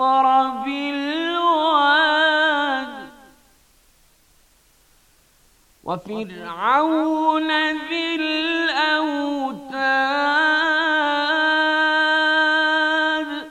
أقرب الواد وفرعون ذي الأوتاد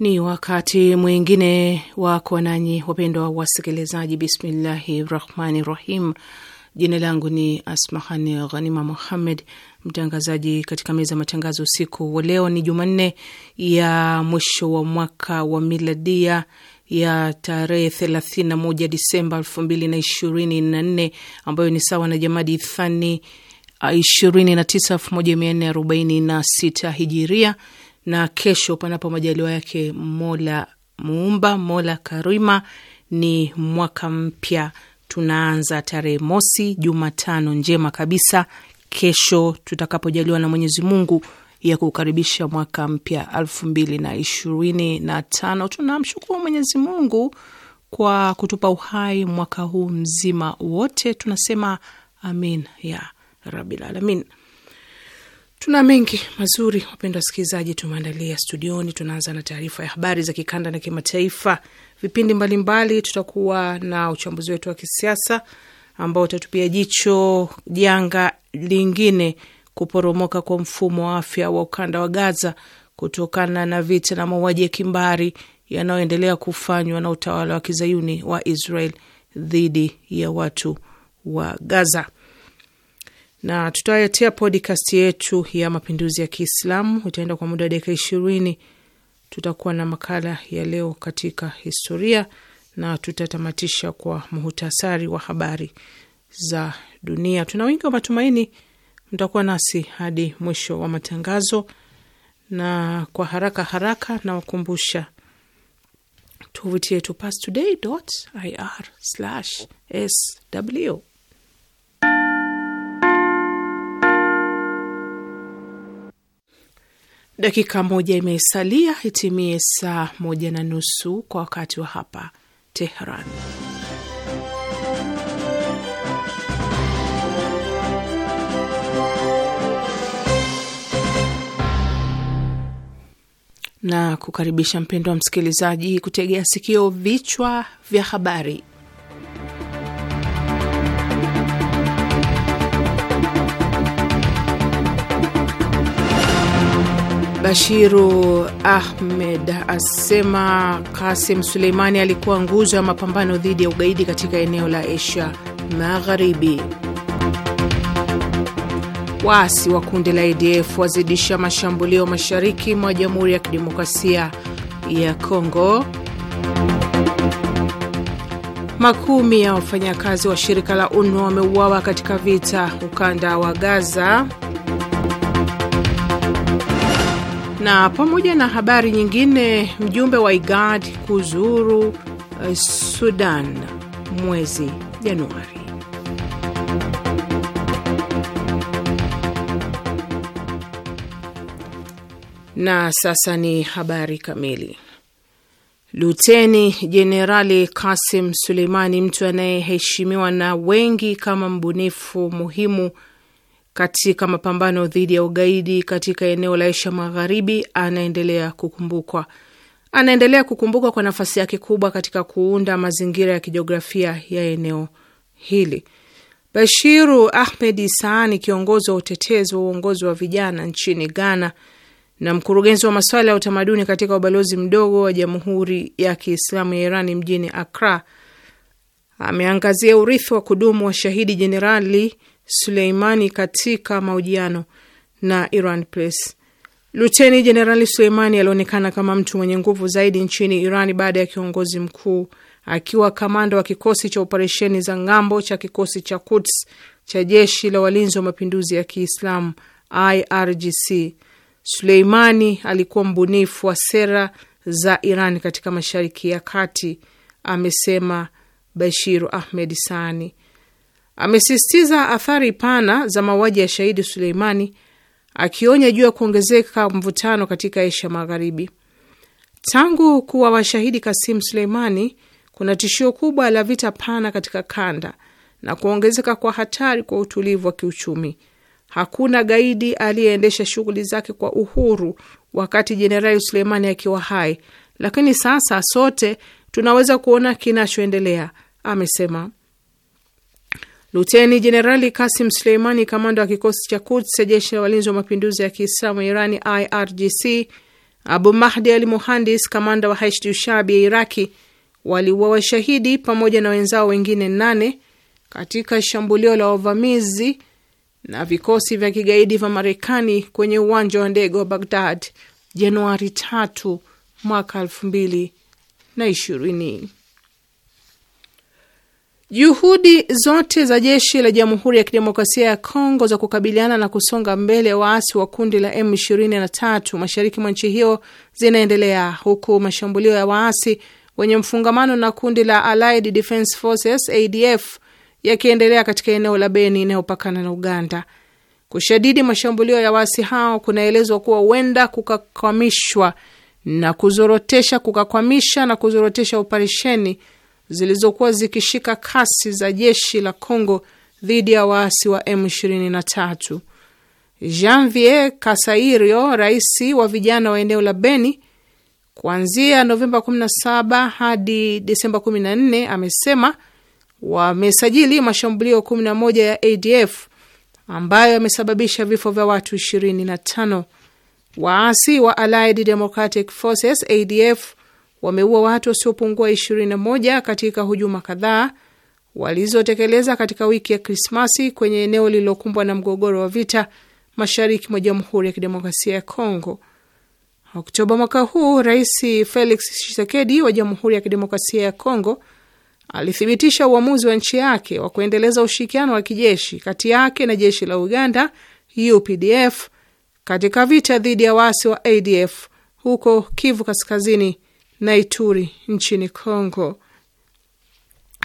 Ni wakati mwingine wako nanyi, wapendwa wasikilizaji. Bismillahi rahmani rahim. Jina langu ni Asmahani Ghanima Muhammed, mtangazaji katika meza ya matangazo usiku wa leo. Ni Jumanne ya mwisho wa mwaka wa miladia ya tarehe moja Disemba nne ambayo ni sawa na Jamadi Thani na sita hijiria na kesho, panapo majaliwa yake Mola Muumba, Mola Karima, ni mwaka mpya tunaanza tarehe mosi, Jumatano njema kabisa, kesho tutakapojaliwa na Mwenyezi Mungu ya kukaribisha mwaka mpya elfu mbili na ishirini na tano. Tunamshukuru Mwenyezi Mungu kwa kutupa uhai mwaka huu mzima wote, tunasema amin ya rabil alamin. Tuna mengi mazuri, wapendwa wasikilizaji, tumeandalia studioni. Tunaanza na taarifa ya habari za kikanda na kimataifa, vipindi mbalimbali Tutakuwa na uchambuzi wetu wa kisiasa ambao utatupia jicho janga lingine, kuporomoka kwa mfumo wa afya wa ukanda wa Gaza kutokana na vita na mauaji ya kimbari yanayoendelea kufanywa na utawala wa kizayuni wa Israel dhidi ya watu wa Gaza na tutaletea podcast yetu ya mapinduzi ya Kiislamu, itaenda kwa muda wa dakika ishirini. Tutakuwa na makala ya leo katika historia na tutatamatisha kwa muhutasari wa habari za dunia. Tuna wingi wa matumaini mtakuwa nasi hadi mwisho wa matangazo, na kwa haraka haraka nawakumbusha tovuti yetu pastoday.ir/sw Dakika moja imesalia itimie saa moja na nusu kwa wakati wa hapa Tehran. Na kukaribisha mpendo wa msikilizaji kutegea sikio vichwa vya habari Bashiru Ahmed asema Kasim Suleimani alikuwa nguzo ya mapambano dhidi ya ugaidi katika eneo la Asia Magharibi. Waasi wa kundi la ADF wazidisha mashambulio mashariki mwa Jamhuri ya Kidemokrasia ya Kongo. Makumi ya wafanyakazi wa shirika la UNWA wameuawa katika vita ukanda wa Gaza. na pamoja na habari nyingine, mjumbe wa IGAD kuzuru eh, Sudan mwezi Januari. Na sasa ni habari kamili. Luteni Jenerali Kasim Suleimani, mtu anayeheshimiwa na wengi kama mbunifu muhimu katika mapambano dhidi ya ugaidi katika eneo la Asia Magharibi anaendelea kukumbukwa anaendelea kukumbukwa kwa nafasi yake kubwa katika kuunda mazingira ya kijiografia ya eneo hili. Bashiru Ahmed Saani, kiongozi wa utetezi wa uongozi wa vijana nchini Ghana na mkurugenzi wa masuala ya utamaduni katika ubalozi mdogo wa Jamhuri ya Kiislamu ya Irani mjini Akra, ameangazia urithi wa kudumu wa shahidi jenerali Suleimani katika mahojiano na Iran Press. Luteni Jenerali Suleimani alionekana kama mtu mwenye nguvu zaidi nchini Iran baada ya kiongozi mkuu, akiwa kamanda wa kikosi cha operesheni za ng'ambo cha kikosi cha Quds cha jeshi la walinzi wa mapinduzi ya Kiislamu IRGC. Suleimani alikuwa mbunifu wa sera za Iran katika Mashariki ya Kati, amesema bashir Ahmed Sani amesisitiza athari pana za mauaji ya shahidi Suleimani, akionya juu ya kuongezeka mvutano katika Asia Magharibi. Tangu kuwa washahidi Kasim Suleimani, kuna tishio kubwa la vita pana katika kanda na kuongezeka kwa hatari kwa utulivu wa kiuchumi. Hakuna gaidi aliyeendesha shughuli zake kwa uhuru wakati Jenerali Suleimani akiwa hai, lakini sasa sote tunaweza kuona kinachoendelea, amesema. Luteni Jenerali Kasim Suleimani, kamanda wa kikosi cha Quds cha jeshi la walinzi wa mapinduzi ya Kiislamu Irani IRGC, Abu Mahdi al Muhandis, kamanda wa Hashdu Shabi ya Iraki, waliuawa washahidi pamoja na wenzao wengine nane katika shambulio la wavamizi na vikosi vya kigaidi vya Marekani kwenye uwanja wa ndege wa Bagdad Januari 3 mwaka 2020. Juhudi zote za jeshi la Jamhuri ya Kidemokrasia ya Kongo za kukabiliana na kusonga mbele waasi wa kundi la M23 mashariki mwa nchi hiyo zinaendelea huku mashambulio ya waasi wenye mfungamano na kundi la Allied Defense Forces ADF yakiendelea katika eneo la Beni inayopakana na Uganda. Kushadidi mashambulio ya waasi hao kunaelezwa kuwa huenda kukakwamishwa na kuzorotesha kukakwamisha na kuzorotesha operesheni zilizokuwa zikishika kasi za jeshi la Congo dhidi ya waasi wa M23. Janvier Kasairio, rais wa vijana wa eneo la Beni, kuanzia Novemba 17 hadi Desemba 14, amesema wamesajili mashambulio 11 ya ADF ambayo yamesababisha vifo vya watu 25. Waasi wa Allied Democratic Forces ADF wameua watu wasiopungua 21 katika hujuma kadhaa walizotekeleza katika wiki ya Krismasi kwenye eneo lililokumbwa na mgogoro wa vita mashariki mwa Jamhuri ya Kidemokrasia ya Kongo. Oktoba mwaka huu, Rais Felix Tshisekedi wa Jamhuri ya Kidemokrasia ya Kongo alithibitisha uamuzi wa nchi yake wa kuendeleza ushirikiano wa kijeshi kati yake na jeshi la Uganda UPDF katika vita dhidi ya waasi wa ADF huko Kivu Kaskazini na Ituri nchini congo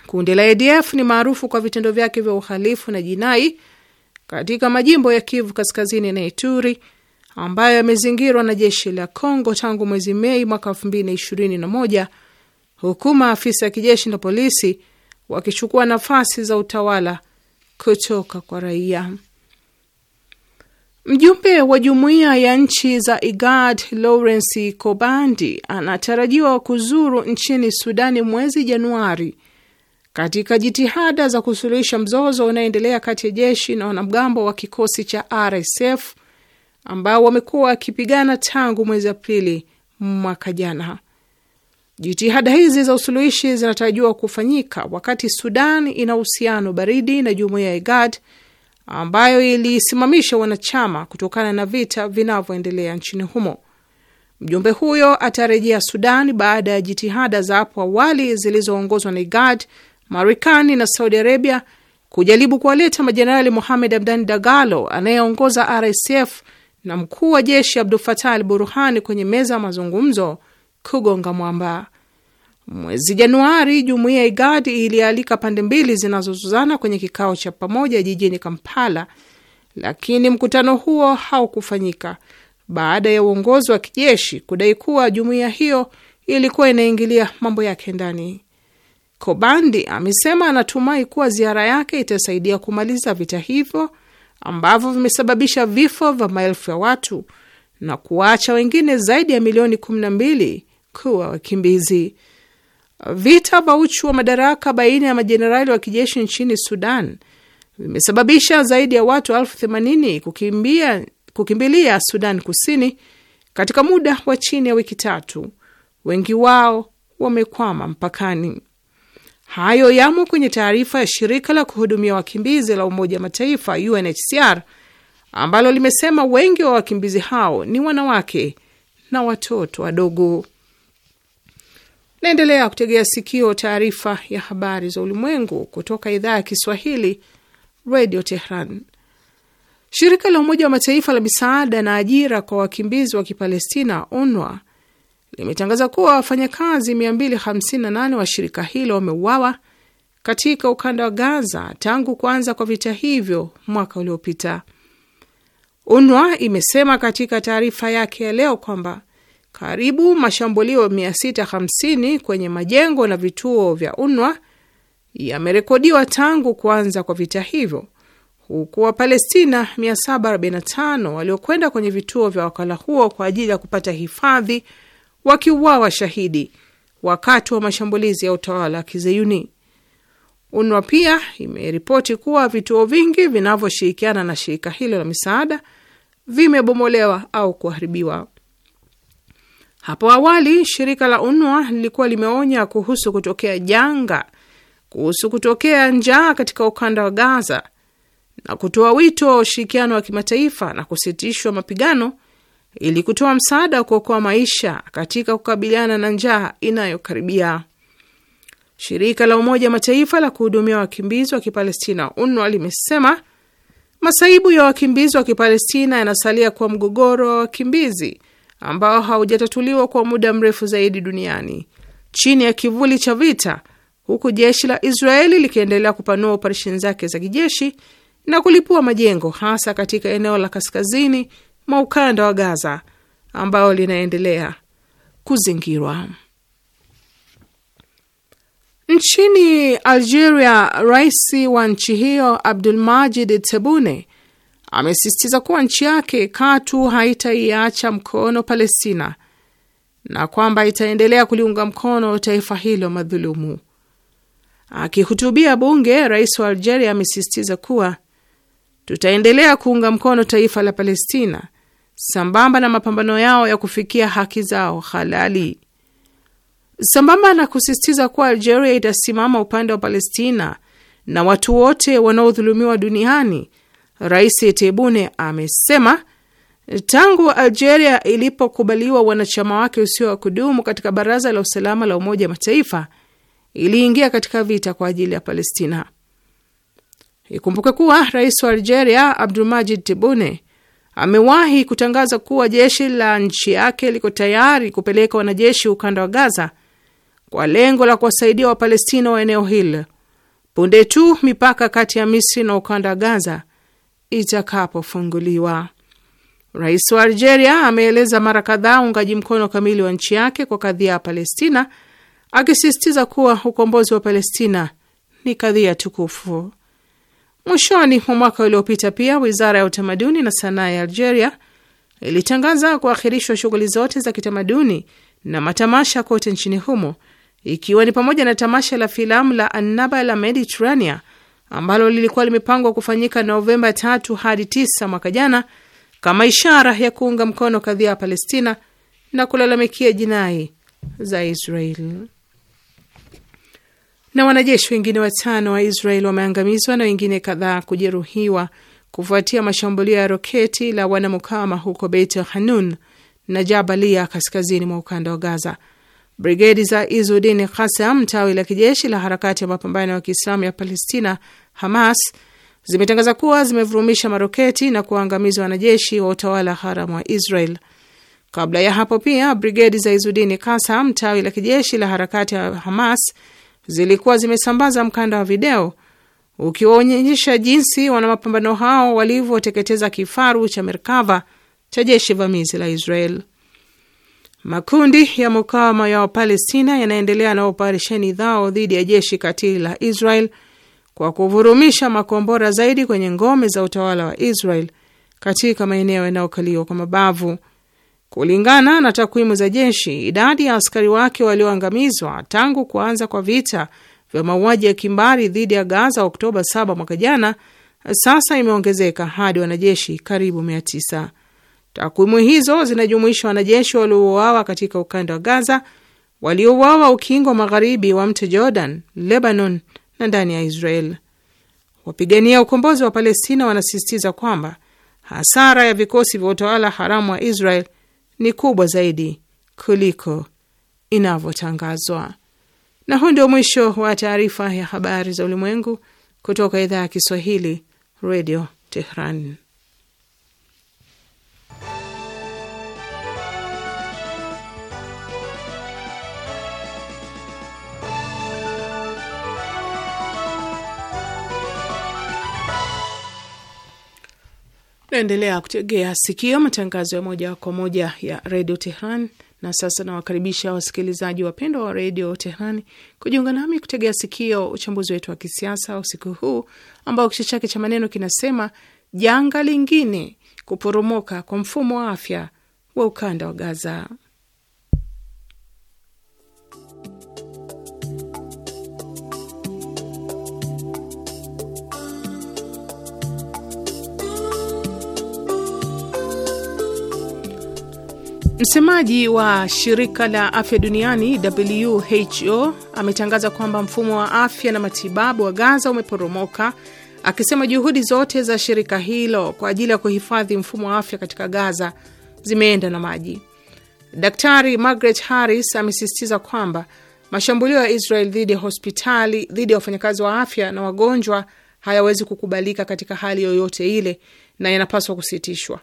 Kundi la ADF ni maarufu kwa vitendo vyake vya uhalifu na jinai katika majimbo ya Kivu Kaskazini na Ituri ambayo yamezingirwa na jeshi la congo tangu mwezi Mei mwaka moja huku maafisa ya kijeshi na polisi wakichukua nafasi za utawala kutoka kwa raia. Mjumbe wa jumuiya ya nchi za IGAD Lawrence Kobandi anatarajiwa kuzuru nchini Sudani mwezi Januari katika jitihada za kusuluhisha mzozo unaoendelea kati ya jeshi na wanamgambo wa kikosi cha RSF ambao wamekuwa wakipigana tangu mwezi Aprili mwaka jana. Jitihada hizi za usuluhishi zinatarajiwa kufanyika wakati Sudan ina uhusiano baridi na jumuiya ya IGAD ambayo ilisimamisha wanachama kutokana na vita vinavyoendelea nchini humo. Mjumbe huyo atarejea Sudan baada ya jitihada za hapo awali zilizoongozwa na IGAD, Marekani na Saudi Arabia kujaribu kuwaleta majenerali Mohamed Abdani Dagalo anayeongoza RSF na mkuu wa jeshi Abdul Fatah al Burhani kwenye meza ya mazungumzo kugonga mwamba. Mwezi Januari, jumuiya IGAD ilialika pande mbili zinazozuzana kwenye kikao cha pamoja jijini Kampala, lakini mkutano huo haukufanyika baada ya uongozi wa kijeshi kudai kuwa jumuiya hiyo ilikuwa inaingilia mambo yake ndani. Kobandi amesema anatumai kuwa ziara yake itasaidia kumaliza vita hivyo ambavyo vimesababisha vifo vya maelfu ya watu na kuwaacha wengine zaidi ya milioni 12 kuwa wakimbizi. Vita vya uchu wa madaraka baina ya majenerali wa kijeshi nchini Sudan vimesababisha zaidi ya watu elfu themanini kukimbia kukimbilia Sudan Kusini katika muda wa chini ya wiki tatu, wengi wao wamekwama mpakani. Hayo yamo kwenye taarifa ya shirika la kuhudumia wakimbizi la Umoja wa Mataifa UNHCR ambalo limesema wengi wa wakimbizi hao ni wanawake na watoto wadogo. Naendelea kutegea sikio taarifa ya habari za ulimwengu kutoka idhaa ya Kiswahili, Radio Tehran. Shirika la Umoja wa Mataifa la misaada na ajira kwa wakimbizi wa Kipalestina, UNWA, limetangaza kuwa wafanyakazi 258 wa shirika hilo wameuawa katika ukanda wa Gaza tangu kuanza kwa vita hivyo mwaka uliopita. UNWA imesema katika taarifa yake ya leo kwamba karibu mashambulio 650 kwenye majengo na vituo vya UNWA yamerekodiwa tangu kuanza kwa vita hivyo, huku Wapalestina 745 waliokwenda kwenye vituo vya wakala huo kwa ajili ya kupata hifadhi wakiuawa shahidi wakati wa mashambulizi ya utawala wa Kizayuni. UNWA pia imeripoti kuwa vituo vingi vinavyoshirikiana na shirika hilo la misaada vimebomolewa au kuharibiwa. Hapo awali shirika la UNWA lilikuwa limeonya kuhusu kutokea janga, kuhusu kutokea njaa katika ukanda wa Gaza na kutoa wito wa ushirikiano wa kimataifa na kusitishwa mapigano ili kutoa msaada wa kuokoa maisha katika kukabiliana na njaa inayokaribia. Shirika la Umoja wa Mataifa la kuhudumia wakimbizi wa Kipalestina UNWA limesema masaibu ya wakimbizi wa Kipalestina yanasalia kuwa mgogoro wa wakimbizi ambao haujatatuliwa kwa muda mrefu zaidi duniani chini ya kivuli cha vita, huku jeshi la Israeli likiendelea kupanua operesheni zake za kijeshi na kulipua majengo hasa katika eneo la kaskazini mwa ukanda wa Gaza ambao linaendelea kuzingirwa. Nchini Algeria, rais wa nchi hiyo abdul majid tebune amesisitiza kuwa nchi yake katu haitaiacha mkono Palestina na kwamba itaendelea kuliunga mkono taifa hilo madhulumu. Akihutubia bunge, rais wa Algeria amesisitiza kuwa tutaendelea kuunga mkono taifa la Palestina sambamba na mapambano yao ya kufikia haki zao halali, sambamba na kusisitiza kuwa Algeria itasimama upande wa Palestina na watu wote wanaodhulumiwa duniani Rais Tebune amesema tangu Algeria ilipokubaliwa wanachama wake usio wa kudumu katika Baraza la Usalama la Umoja wa Mataifa, iliingia katika vita kwa ajili ya Palestina. Ikumbuke kuwa rais wa Algeria Abdulmajid Tebune amewahi kutangaza kuwa jeshi la nchi yake liko tayari kupeleka wanajeshi ukanda wa Gaza kwa lengo la kuwasaidia Wapalestina wa eneo hili punde tu mipaka kati ya Misri na ukanda wa Gaza itakapofunguliwa. Rais wa Algeria ameeleza mara kadhaa uungaji mkono kamili wa nchi yake kwa kadhia ya Palestina, akisisitiza kuwa ukombozi wa Palestina ni kadhia tukufu. Mwishoni mwa mwaka uliopita pia wizara ya utamaduni na sanaa ya Algeria ilitangaza kuahirishwa shughuli zote za kitamaduni na matamasha kote nchini humo, ikiwa ni pamoja na tamasha la filamu la Annaba la Mediterranea ambalo lilikuwa limepangwa kufanyika Novemba tatu hadi tisa mwaka jana kama ishara ya kuunga mkono kadhia ya Palestina na kulalamikia jinai za Israel. Na wanajeshi wengine watano wa Israel wameangamizwa na wengine kadhaa kujeruhiwa kufuatia mashambulio ya roketi la wanamukama huko Beit Hanun na Jabalia kaskazini mwa ukanda wa Gaza. Brigedi za Izudin Kasam, tawi la kijeshi la harakati ya mapambano ya Kiislamu ya Palestina, Hamas zimetangaza kuwa zimevurumisha maroketi na kuwaangamiza wanajeshi wa utawala haramu wa Israel. Kabla ya hapo pia brigedi za Izudini Kasam, tawi la kijeshi la harakati ya Hamas, zilikuwa zimesambaza mkanda wa video ukiwaonyesha jinsi wanamapambano hao walivyoteketeza kifaru cha Merkava cha jeshi vamizi la Israel. Makundi ya mukawama ya Wapalestina yanaendelea na operesheni zao dhidi ya jeshi katili la Israel kwa kuvurumisha makombora zaidi kwenye ngome za utawala wa Israel katika maeneo yanayokaliwa kwa mabavu. Kulingana na takwimu za jeshi, idadi ya askari wake walioangamizwa tangu kuanza kwa vita vya mauaji ya kimbari dhidi ya Gaza Oktoba 7 mwaka jana sasa imeongezeka hadi wanajeshi karibu 900. Takwimu hizo zinajumuisha wanajeshi waliouawa katika ukanda wa Gaza, waliouawa ukingo magharibi wa mto Jordan, Lebanon, na ndani ya Israel. Wapigania ukombozi wa Palestina wanasisitiza kwamba hasara ya vikosi vya utawala haramu wa Israel ni kubwa zaidi kuliko inavyotangazwa. Na huu ndio mwisho wa taarifa ya habari za ulimwengu kutoka idhaa ya Kiswahili, Radio Tehran. Naendelea kutegea sikio matangazo ya moja kwa moja ya redio Tehran. Na sasa nawakaribisha wasikilizaji wapendwa wa redio Tehran kujiunga nami kutegea sikio uchambuzi wetu wa kisiasa usiku huu ambao kichwa chake cha maneno kinasema janga lingine, kuporomoka kwa mfumo wa afya wa ukanda wa Gaza. Msemaji wa shirika la afya duniani WHO ametangaza kwamba mfumo wa afya na matibabu wa Gaza umeporomoka, akisema juhudi zote za shirika hilo kwa ajili ya kuhifadhi mfumo wa afya katika Gaza zimeenda na maji. Daktari Margaret Harris amesisitiza kwamba mashambulio ya Israel dhidi ya hospitali, dhidi ya wafanyakazi wa afya na wagonjwa hayawezi kukubalika katika hali yoyote ile na yanapaswa kusitishwa.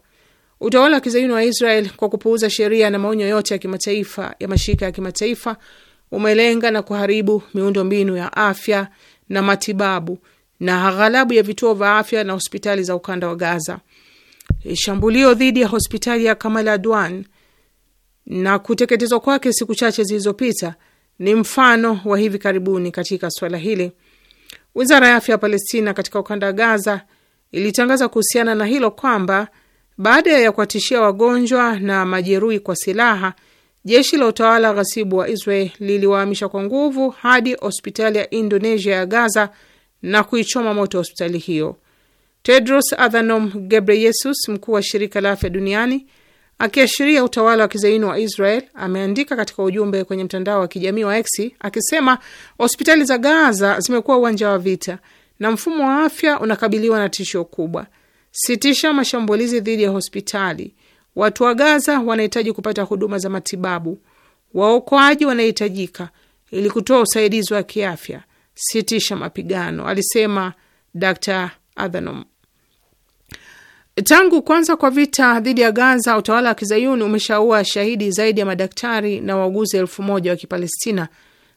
Utawala wa kizayuni wa Israel kwa kupuuza sheria na maonyo yote ya kimataifa ya mashirika ya kimataifa umelenga na kuharibu miundo mbinu ya afya na matibabu na aghalabu ya vituo vya afya na hospitali za ukanda wa Gaza. E, shambulio dhidi ya hospitali ya Kamal Adwan na kuteketezwa kwake siku chache zilizopita ni mfano wa hivi karibuni katika swala hili. Wizara ya afya ya Palestina katika ukanda wa Gaza ilitangaza kuhusiana na hilo kwamba baada ya kuwatishia wagonjwa na majeruhi kwa silaha, jeshi la utawala ghasibu wa Israel liliwahamisha kwa nguvu hadi hospitali ya Indonesia ya Gaza na kuichoma moto hospitali hiyo. Tedros Adhanom Ghebreyesus, mkuu wa shirika la afya duniani, akiashiria utawala wa kizaini wa Israel, ameandika katika ujumbe kwenye mtandao wa kijamii wa X akisema hospitali za Gaza zimekuwa uwanja wa vita na mfumo wa afya unakabiliwa na tisho kubwa sitisha mashambulizi dhidi ya hospitali, watu wa Gaza wanahitaji kupata huduma za matibabu, waokoaji wanahitajika ili kutoa usaidizi wa kiafya, sitisha mapigano, alisema Dr Adhanom. Tangu kuanza kwa vita dhidi ya Gaza, utawala wa kizayuni umeshaua shahidi zaidi ya madaktari na wauguzi elfu moja wa Kipalestina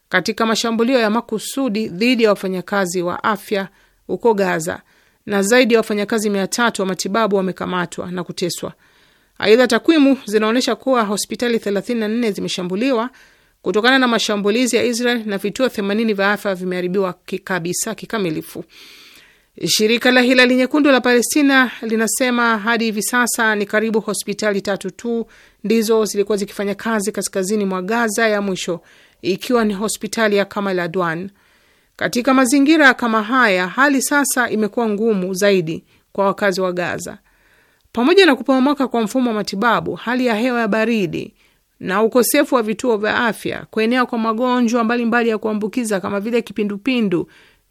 katika mashambulio ya makusudi dhidi ya wafanyakazi wa afya huko Gaza na zaidi ya wafanyakazi mia tatu wa matibabu wamekamatwa na kuteswa. Aidha, takwimu zinaonyesha kuwa hospitali 34 zimeshambuliwa kutokana na mashambulizi ya Israel na vituo 80 vya afya vimeharibiwa kabisa kikamilifu. Shirika la Hilali Nyekundu la Palestina linasema hadi hivi sasa ni karibu hospitali tatu tu ndizo zilikuwa zikifanya kazi kaskazini mwa Gaza, ya mwisho ikiwa ni hospitali ya Kamal Adwan. Katika mazingira kama haya, hali sasa imekuwa ngumu zaidi kwa wakazi wa Gaza. Pamoja na kuporomoka kwa mfumo wa matibabu, hali ya hewa ya baridi na ukosefu wa vituo vya afya, kuenea kwa magonjwa mbalimbali ya kuambukiza kama vile kipindupindu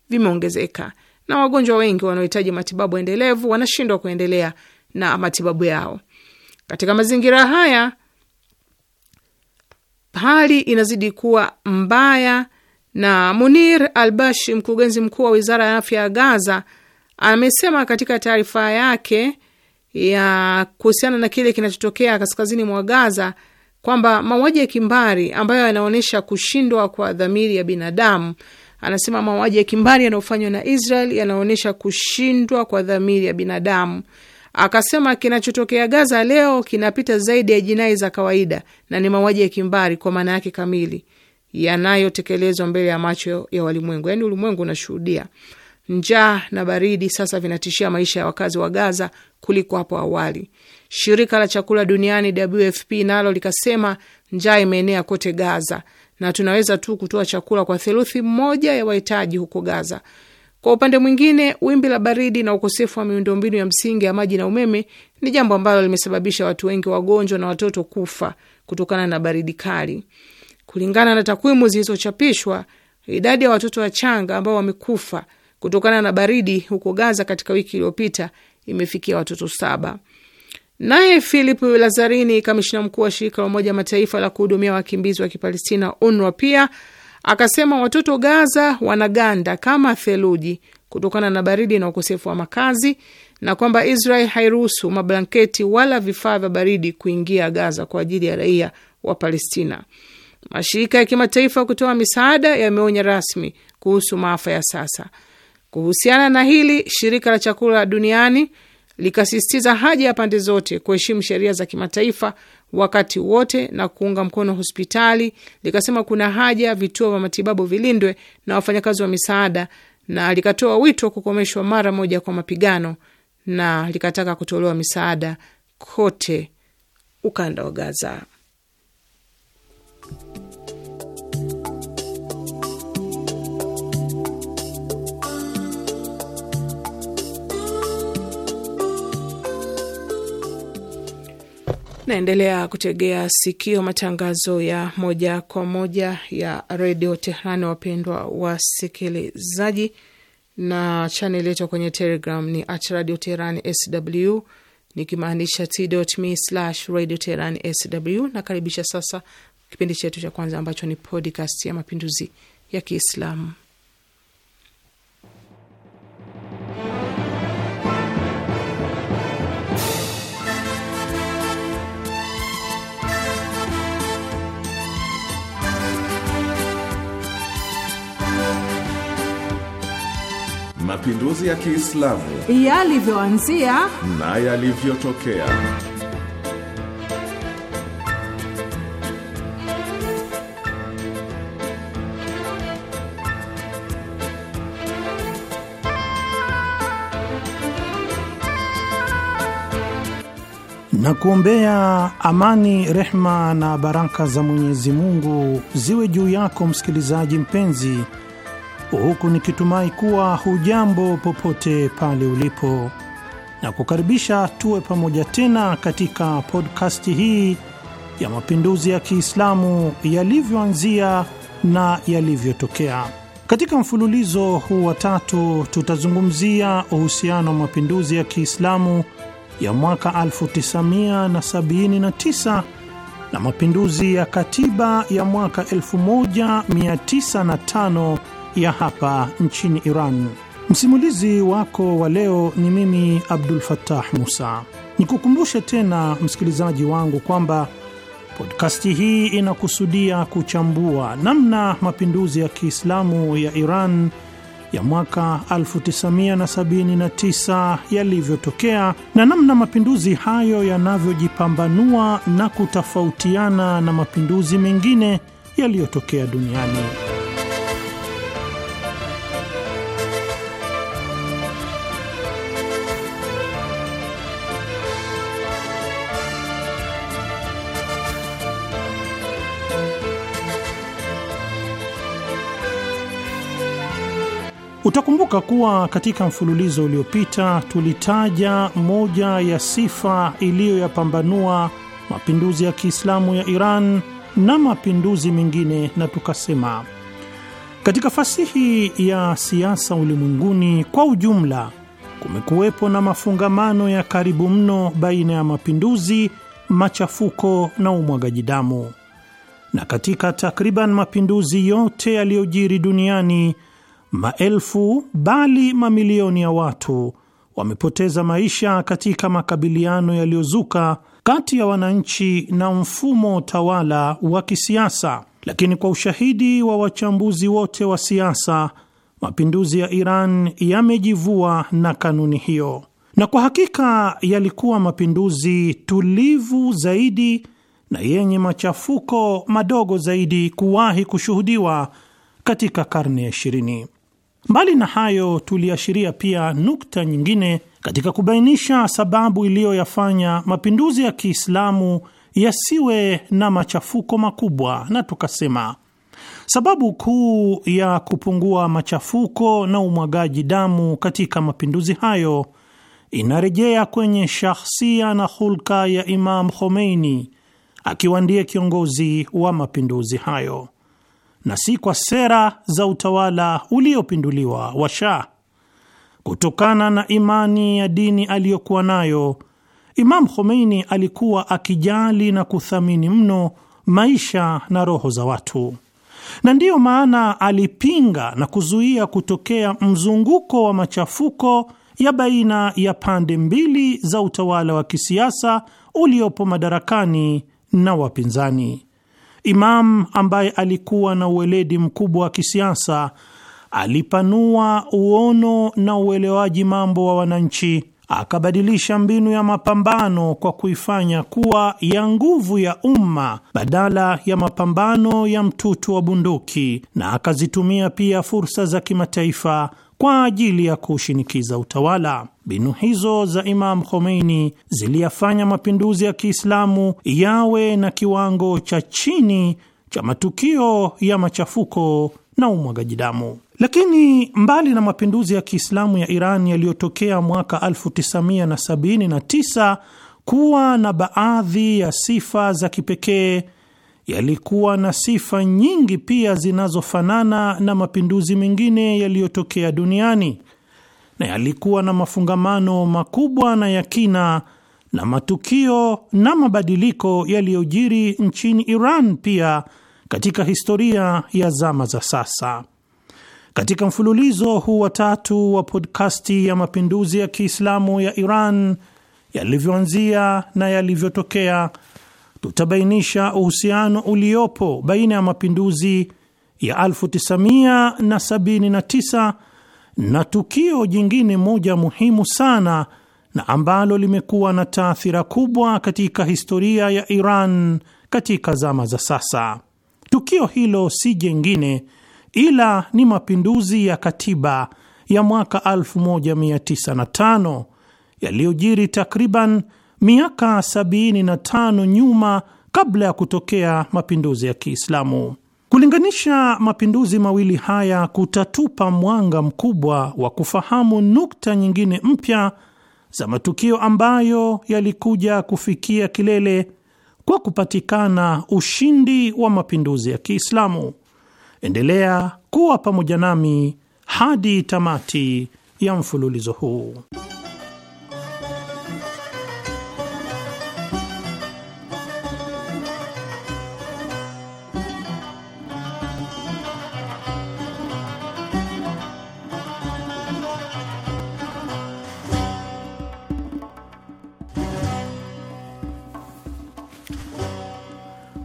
vimeongezeka, na wagonjwa wengi wanaohitaji matibabu endelevu wanashindwa kuendelea na matibabu yao. Katika mazingira haya, hali inazidi kuwa mbaya na Munir Albashi, mkurugenzi mkuu wa wizara ya afya ya Gaza, amesema katika taarifa yake ya kuhusiana na kile kinachotokea kaskazini mwa Gaza kwamba mauaji ya kimbari ambayo yanaonyesha kushindwa kwa dhamiri ya binadamu. Anasema mauaji ya kimbari yanayofanywa na Israel yanaonyesha kushindwa kwa dhamiri ya binadamu. Akasema kinachotokea Gaza leo kinapita zaidi ya jinai za kawaida na ni mauaji ya kimbari kwa maana yake kamili yanayotekelezwa mbele ya macho ya walimwengu. Yaani ulimwengu unashuhudia. Njaa na baridi sasa vinatishia maisha ya wakazi wa Gaza kuliko hapo awali. Shirika la chakula duniani WFP nalo likasema njaa imeenea kote Gaza na tunaweza tu kutoa chakula kwa theluthi moja ya wahitaji huko Gaza. Kwa upande mwingine, wimbi la baridi na ukosefu wa miundombinu ya msingi ya maji na umeme ni jambo ambalo limesababisha watu wengi wagonjwa na watoto kufa kutokana na baridi kali. Kulingana na takwimu zilizochapishwa, idadi ya watoto wachanga ambao wamekufa kutokana na baridi huko Gaza katika wiki iliyopita imefikia watoto saba. Naye Philip Lazarini, kamishina mkuu wa shirika la Umoja Mataifa la kuhudumia wakimbizi wa Kipalestina, UNRWA, pia akasema watoto Gaza wanaganda kama theluji kutokana na baridi na ukosefu wa makazi na kwamba Israel hairuhusu mablanketi wala vifaa vya baridi kuingia Gaza kwa ajili ya raia wa Palestina. Mashirika ya kimataifa kutoa misaada yameonya rasmi kuhusu maafa ya sasa. Kuhusiana na hili, shirika la chakula duniani likasisitiza haja ya pande zote kuheshimu sheria za kimataifa wakati wote na kuunga mkono hospitali. Likasema kuna haja vituo vya matibabu vilindwe na wafanyakazi wa misaada, na likatoa wito kukomeshwa mara moja kwa mapigano, na likataka kutolewa misaada kote ukanda wa Gaza. Naendelea kutegea sikio matangazo ya moja kwa moja ya redio Tehrani, wapendwa wasikilizaji, na chaneli yetu kwenye Telegram ni at radio Tehrani sw nikimaanisha t.me slash radio Tehrani sw. Nakaribisha sasa kipindi chetu cha kwanza ambacho ni podcast ya mapinduzi ya Kiislamu. Mapinduzi ya Kiislamu yalivyoanzia na yalivyotokea. na kuombea amani, rehma na baraka za Mwenyezi Mungu ziwe juu yako msikilizaji mpenzi, huku nikitumai kuwa hujambo popote pale ulipo, na kukaribisha tuwe pamoja tena katika podkasti hii ya mapinduzi ya Kiislamu yalivyoanzia na yalivyotokea. Katika mfululizo huu wa tatu tutazungumzia uhusiano wa mapinduzi ya Kiislamu ya mwaka 1979 na, na mapinduzi ya katiba ya mwaka 1905 ya hapa nchini Iran. Msimulizi wako wa leo ni mimi Abdul Fattah Musa. Nikukumbushe tena msikilizaji wangu kwamba podkasti hii inakusudia kuchambua namna mapinduzi ya Kiislamu ya Iran ya mwaka 1979 yalivyotokea na namna mapinduzi hayo yanavyojipambanua na kutofautiana na mapinduzi mengine yaliyotokea duniani. Utakumbuka kuwa katika mfululizo uliopita tulitaja moja ya sifa iliyoyapambanua mapinduzi ya Kiislamu ya Iran na mapinduzi mengine, na tukasema katika fasihi ya siasa ulimwenguni kwa ujumla kumekuwepo na mafungamano ya karibu mno baina ya mapinduzi, machafuko na umwagaji damu, na katika takriban mapinduzi yote yaliyojiri duniani Maelfu bali mamilioni ya watu wamepoteza maisha katika makabiliano yaliyozuka kati ya wananchi na mfumo tawala wa kisiasa. Lakini kwa ushahidi wa wachambuzi wote wa siasa, mapinduzi ya Iran yamejivua na kanuni hiyo, na kwa hakika yalikuwa mapinduzi tulivu zaidi na yenye machafuko madogo zaidi kuwahi kushuhudiwa katika karne ya ishirini. Mbali na hayo, tuliashiria pia nukta nyingine katika kubainisha sababu iliyoyafanya mapinduzi ya Kiislamu yasiwe na machafuko makubwa, na tukasema sababu kuu ya kupungua machafuko na umwagaji damu katika mapinduzi hayo inarejea kwenye shahsia na hulka ya Imam Khomeini, akiwa ndiye kiongozi wa mapinduzi hayo na si kwa sera za utawala uliopinduliwa wa Shah. Kutokana na imani ya dini aliyokuwa nayo, Imam Khomeini alikuwa akijali na kuthamini mno maisha na roho za watu, na ndiyo maana alipinga na kuzuia kutokea mzunguko wa machafuko ya baina ya pande mbili za utawala wa kisiasa uliopo madarakani na wapinzani. Imam ambaye alikuwa na uweledi mkubwa wa kisiasa alipanua uono na uelewaji mambo wa wananchi, akabadilisha mbinu ya mapambano kwa kuifanya kuwa ya nguvu ya umma badala ya mapambano ya mtutu wa bunduki, na akazitumia pia fursa za kimataifa kwa ajili ya kushinikiza utawala. Mbinu hizo za Imam Khomeini ziliyafanya mapinduzi ya Kiislamu yawe na kiwango cha chini cha matukio ya machafuko na umwagaji damu. Lakini mbali na mapinduzi ya Kiislamu ya Iran yaliyotokea mwaka 1979 kuwa na baadhi ya sifa za kipekee yalikuwa na sifa nyingi pia zinazofanana na mapinduzi mengine yaliyotokea duniani na yalikuwa na mafungamano makubwa na ya kina na matukio na mabadiliko yaliyojiri nchini Iran pia katika historia ya zama za sasa. Katika mfululizo huu wa tatu wa podkasti ya mapinduzi ya Kiislamu ya Iran yalivyoanzia na yalivyotokea tutabainisha uhusiano uliopo baina ya mapinduzi ya 1979 na tukio jingine moja muhimu sana na ambalo limekuwa na taathira kubwa katika historia ya Iran katika zama za sasa. Tukio hilo si jengine ila ni mapinduzi ya katiba ya mwaka 1905 yaliyojiri takriban miaka 75 nyuma kabla ya kutokea mapinduzi ya Kiislamu. Kulinganisha mapinduzi mawili haya kutatupa mwanga mkubwa wa kufahamu nukta nyingine mpya za matukio ambayo yalikuja kufikia kilele kwa kupatikana ushindi wa mapinduzi ya Kiislamu. Endelea kuwa pamoja nami hadi tamati ya mfululizo huu.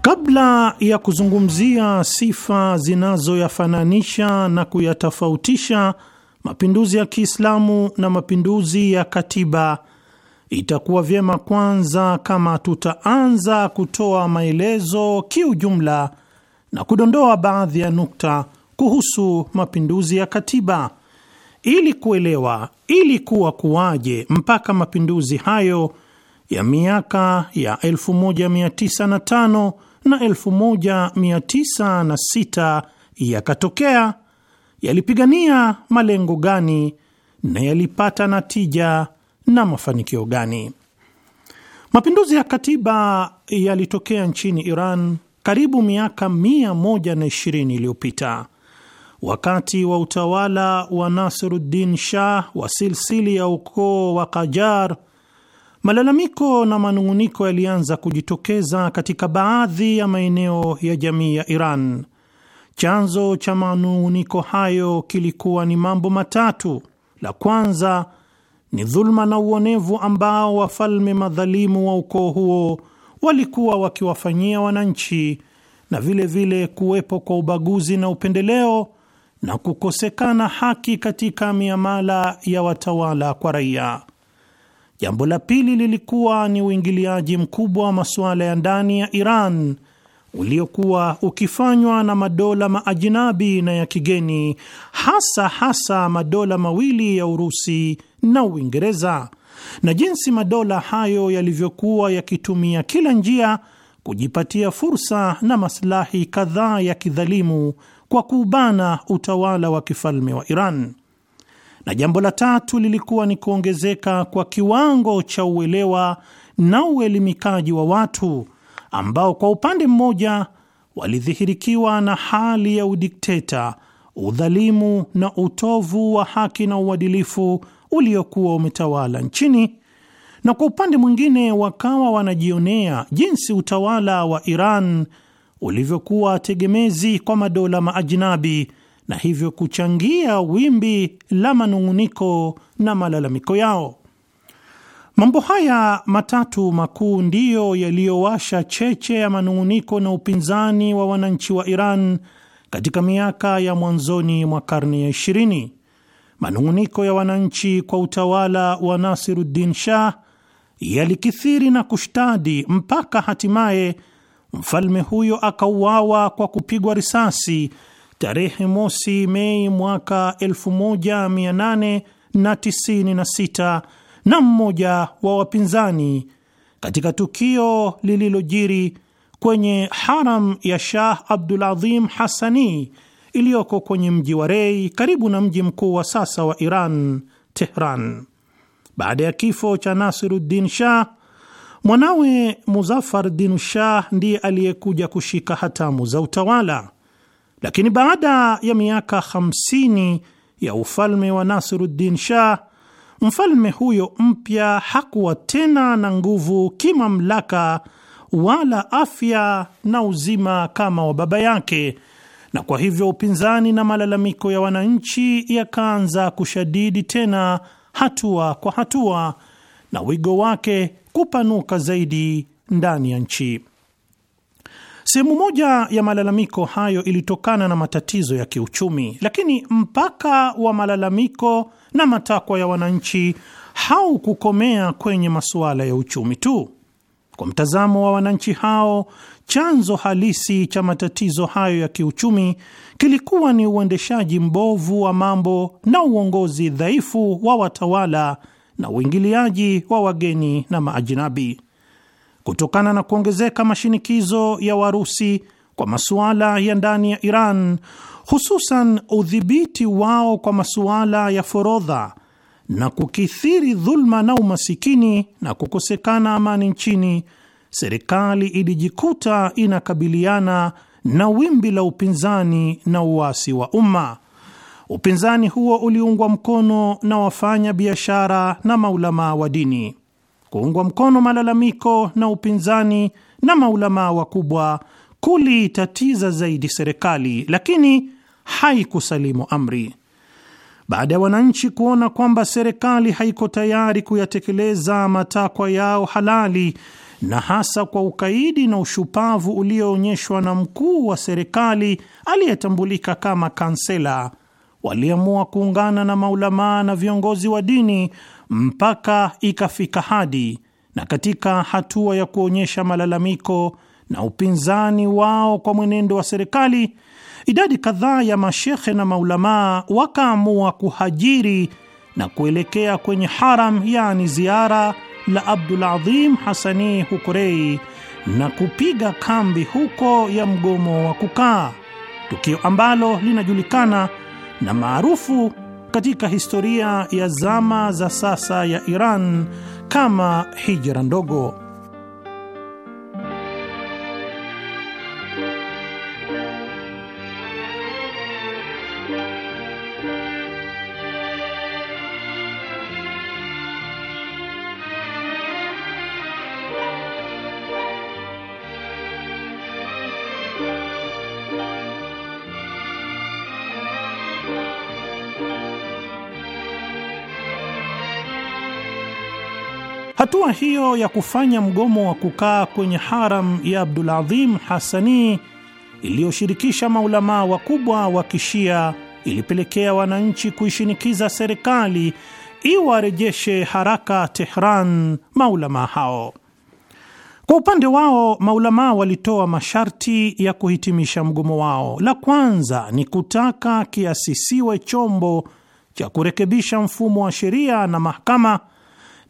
Kabla ya kuzungumzia sifa zinazoyafananisha na kuyatofautisha mapinduzi ya Kiislamu na mapinduzi ya katiba, itakuwa vyema kwanza kama tutaanza kutoa maelezo kiujumla na kudondoa baadhi ya nukta kuhusu mapinduzi ya katiba ili kuelewa ili kuwa kuwaje mpaka mapinduzi hayo ya miaka ya 1905 na 1906 yakatokea, yalipigania malengo gani na yalipata natija na mafanikio gani? Mapinduzi ya katiba yalitokea nchini Iran karibu miaka 120 iliyopita wakati wa utawala wa Nasiruddin Shah wa silsili ya ukoo wa Kajar Malalamiko na manung'uniko yalianza kujitokeza katika baadhi ya maeneo ya jamii ya Iran. Chanzo cha manung'uniko hayo kilikuwa ni mambo matatu. La kwanza ni dhuluma na uonevu ambao wafalme madhalimu wa ukoo huo walikuwa wakiwafanyia wananchi, na vilevile vile kuwepo kwa ubaguzi na upendeleo na kukosekana haki katika miamala ya watawala kwa raia. Jambo la pili lilikuwa ni uingiliaji mkubwa wa masuala ya ndani ya Iran uliokuwa ukifanywa na madola maajinabi na ya kigeni, hasa hasa madola mawili ya Urusi na Uingereza, na jinsi madola hayo yalivyokuwa yakitumia kila njia kujipatia fursa na maslahi kadhaa ya kidhalimu kwa kuubana utawala wa kifalme wa Iran. Na jambo la tatu lilikuwa ni kuongezeka kwa kiwango cha uelewa na uelimikaji wa watu ambao kwa upande mmoja walidhihirikiwa na hali ya udikteta, udhalimu na utovu wa haki na uadilifu uliokuwa umetawala nchini, na kwa upande mwingine wakawa wanajionea jinsi utawala wa Iran ulivyokuwa tegemezi kwa madola maajinabi na hivyo kuchangia wimbi la manung'uniko na malalamiko yao. Mambo haya matatu makuu ndiyo yaliyowasha cheche ya manung'uniko na upinzani wa wananchi wa Iran katika miaka ya mwanzoni mwa karne ya 20. Manung'uniko ya wananchi kwa utawala wa Nasiruddin Shah yalikithiri na kushtadi mpaka hatimaye mfalme huyo akauawa kwa kupigwa risasi tarehe mosi Mei mwaka 1896 na mmoja wa wapinzani katika tukio lililojiri kwenye haram ya Shah Abdul adhim hasani iliyoko kwenye mji wa Rei karibu na mji mkuu wa sasa wa Iran, Tehran. Baada ya kifo cha Nasiruddin Shah, mwanawe Muzaffar Din Shah ndiye aliyekuja kushika hatamu za utawala. Lakini baada ya miaka 50 ya ufalme wa Nasiruddin Shah, mfalme huyo mpya hakuwa tena na nguvu kimamlaka wala afya na uzima kama wa baba yake, na kwa hivyo upinzani na malalamiko ya wananchi yakaanza kushadidi tena hatua kwa hatua, na wigo wake kupanuka zaidi ndani ya nchi. Sehemu moja ya malalamiko hayo ilitokana na matatizo ya kiuchumi, lakini mpaka wa malalamiko na matakwa ya wananchi haukukomea kwenye masuala ya uchumi tu. Kwa mtazamo wa wananchi hao, chanzo halisi cha matatizo hayo ya kiuchumi kilikuwa ni uendeshaji mbovu wa mambo na uongozi dhaifu wa watawala na uingiliaji wa wageni na maajinabi kutokana na kuongezeka mashinikizo ya Warusi kwa masuala ya ndani ya Iran, hususan udhibiti wao kwa masuala ya forodha na kukithiri dhulma na umasikini na kukosekana amani nchini, serikali ilijikuta inakabiliana na wimbi la upinzani na uasi wa umma. Upinzani huo uliungwa mkono na wafanya biashara na maulamaa wa dini kuungwa mkono malalamiko na upinzani na maulamaa wakubwa kuliitatiza zaidi serikali, lakini haikusalimu amri. Baada ya wananchi kuona kwamba serikali haiko tayari kuyatekeleza matakwa yao halali na hasa kwa ukaidi na ushupavu ulioonyeshwa na mkuu wa serikali aliyetambulika kama kansela waliamua kuungana na maulamaa na viongozi wa dini mpaka ikafika hadi na katika hatua ya kuonyesha malalamiko na upinzani wao kwa mwenendo wa serikali, idadi kadhaa ya mashekhe na maulamaa wakaamua kuhajiri na kuelekea kwenye haram, yani ziara la Abdul Adhim Hasani Hukurei na kupiga kambi huko ya mgomo wa kukaa, tukio ambalo linajulikana na maarufu katika historia ya zama za sasa ya Iran kama hijra ndogo. Hatua hiyo ya kufanya mgomo wa kukaa kwenye haram ya Abdulazim Hasani iliyoshirikisha maulamaa wakubwa wa Kishia ilipelekea wananchi kuishinikiza serikali iwarejeshe haraka Tehran maulamaa hao. Kwa upande wao maulamaa walitoa masharti ya kuhitimisha mgomo wao. La kwanza ni kutaka kiasisiwe chombo cha kurekebisha mfumo wa sheria na mahakama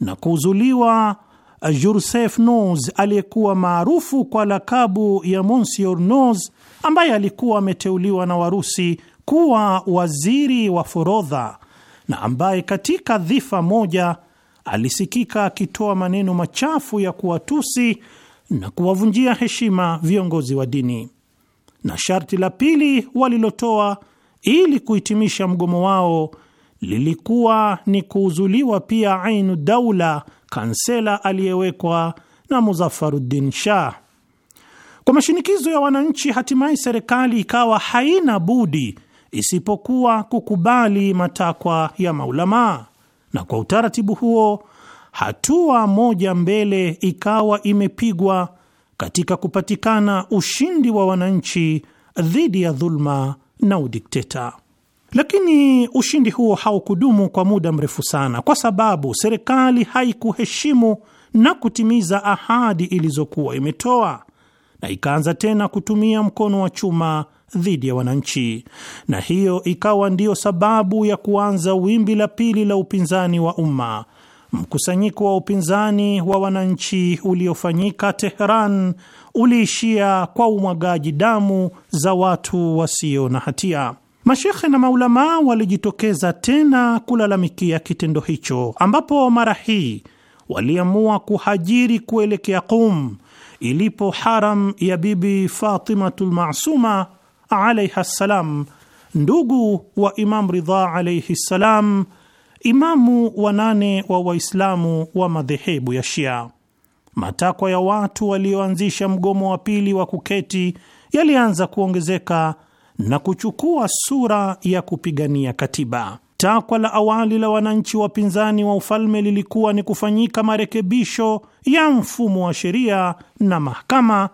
na kuuzuliwa eh, Jursef Nos aliyekuwa maarufu kwa lakabu ya Monsieur Nos, ambaye alikuwa ameteuliwa na Warusi kuwa waziri wa forodha na ambaye katika dhifa moja alisikika akitoa maneno machafu ya kuwatusi na kuwavunjia heshima viongozi wa dini. Na sharti la pili walilotoa ili kuhitimisha mgomo wao lilikuwa ni kuuzuliwa pia Ainu Daula, kansela aliyewekwa na Muzaffaruddin Shah. Kwa mashinikizo ya wananchi, hatimaye serikali ikawa haina budi isipokuwa kukubali matakwa ya maulamaa, na kwa utaratibu huo hatua moja mbele ikawa imepigwa katika kupatikana ushindi wa wananchi dhidi ya dhulma na udikteta. Lakini ushindi huo haukudumu kwa muda mrefu sana, kwa sababu serikali haikuheshimu na kutimiza ahadi ilizokuwa imetoa na ikaanza tena kutumia mkono wa chuma dhidi ya wananchi, na hiyo ikawa ndiyo sababu ya kuanza wimbi la pili la upinzani wa umma, mkusanyiko wa upinzani wa wananchi uliofanyika teheran uliishia kwa umwagaji damu za watu wasio na hatia. Mashekhe na maulamaa walijitokeza tena kulalamikia kitendo hicho, ambapo mara hii waliamua kuhajiri kuelekea Qum ilipo haram ya Bibi Fatimatu lmasuma alaiha ssalam, ndugu wa Imam Ridha alaihi ssalam, imamu wa nane wa Waislamu wa madhehebu ya Shia. Matakwa ya watu walioanzisha mgomo wa pili wa kuketi yalianza kuongezeka na kuchukua sura ya kupigania katiba. Takwa la awali la wananchi wapinzani wa ufalme lilikuwa ni kufanyika marekebisho ya mfumo wa sheria na mahakama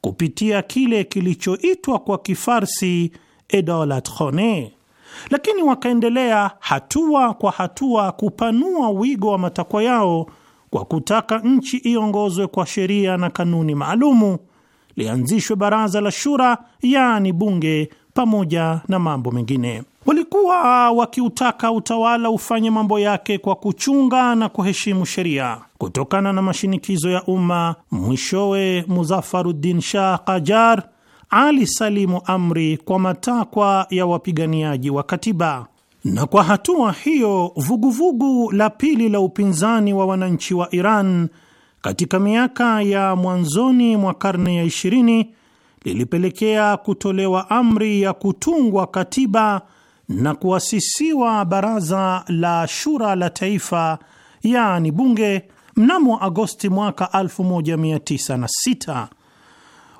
kupitia kile kilichoitwa kwa Kifarsi edolat khone, lakini wakaendelea hatua kwa hatua kupanua wigo wa matakwa yao kwa kutaka nchi iongozwe kwa sheria na kanuni maalumu, lianzishwe baraza la shura, yaani bunge pamoja na mambo mengine. Walikuwa wakiutaka utawala ufanye mambo yake kwa kuchunga na kuheshimu sheria. Kutokana na mashinikizo ya umma, mwishowe Muzaffaruddin Shah Qajar alisalimu amri kwa matakwa ya wapiganiaji wa katiba, na kwa hatua hiyo vuguvugu vugu la pili la upinzani wa wananchi wa Iran katika miaka ya mwanzoni mwa karne ya ishirini ilipelekea kutolewa amri ya kutungwa katiba na kuasisiwa baraza la shura la taifa, yaani bunge, mnamo Agosti mwaka 1906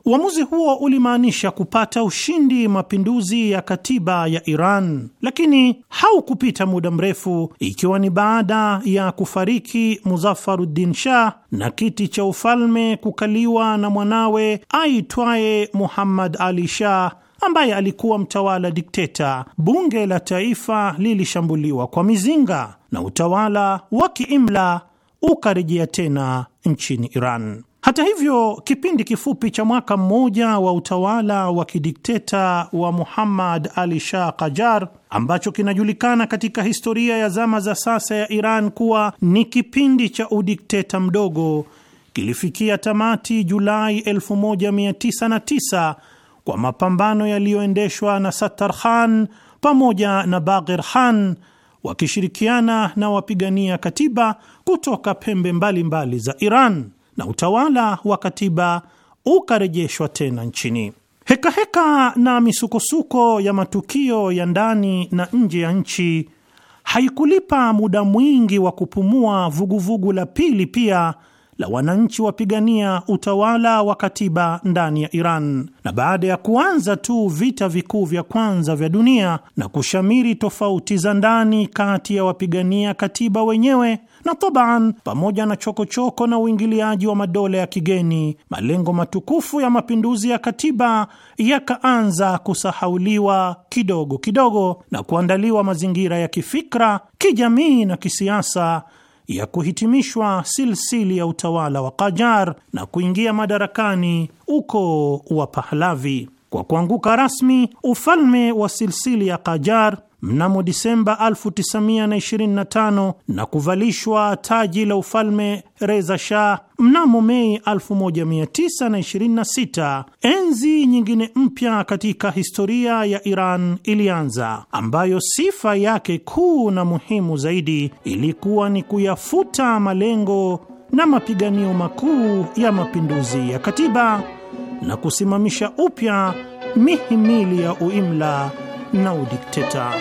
Uamuzi huo ulimaanisha kupata ushindi mapinduzi ya katiba ya Iran, lakini haukupita muda mrefu, ikiwa ni baada ya kufariki Muzaffaruddin Shah na kiti cha ufalme kukaliwa na mwanawe aitwaye Muhammad Ali Shah ambaye alikuwa mtawala dikteta. Bunge la taifa lilishambuliwa kwa mizinga na utawala wa kiimla ukarejea tena nchini Iran. Hata hivyo, kipindi kifupi cha mwaka mmoja wa utawala wa kidikteta wa Muhammad Ali Shah Qajar ambacho kinajulikana katika historia ya zama za sasa ya Iran kuwa ni kipindi cha udikteta mdogo kilifikia tamati Julai 1909 kwa mapambano yaliyoendeshwa na Sattar Khan pamoja na bagir Khan wakishirikiana na wapigania katiba kutoka pembe mbalimbali mbali za Iran na utawala wa katiba ukarejeshwa tena nchini. Hekaheka heka na misukosuko ya matukio ya ndani na nje ya nchi haikulipa muda mwingi wa kupumua vuguvugu vugu la pili pia la wananchi wapigania utawala wa katiba ndani ya Iran. Na baada ya kuanza tu vita vikuu vya kwanza vya dunia na kushamiri tofauti za ndani kati ya wapigania katiba wenyewe na taban, pamoja na chokochoko choko na uingiliaji wa madola ya kigeni, malengo matukufu ya mapinduzi ya katiba yakaanza kusahauliwa kidogo kidogo na kuandaliwa mazingira ya kifikra, kijamii na kisiasa ya kuhitimishwa silsili ya utawala wa Qajar na kuingia madarakani uko wa Pahlavi. Kwa kuanguka rasmi ufalme wa silsili ya Qajar mnamo Disemba 1925 na kuvalishwa taji la ufalme Reza Shah mnamo Mei 1926, enzi nyingine mpya katika historia ya Iran ilianza, ambayo sifa yake kuu na muhimu zaidi ilikuwa ni kuyafuta malengo na mapiganio makuu ya mapinduzi ya katiba na kusimamisha upya mihimili ya uimla na udikteta.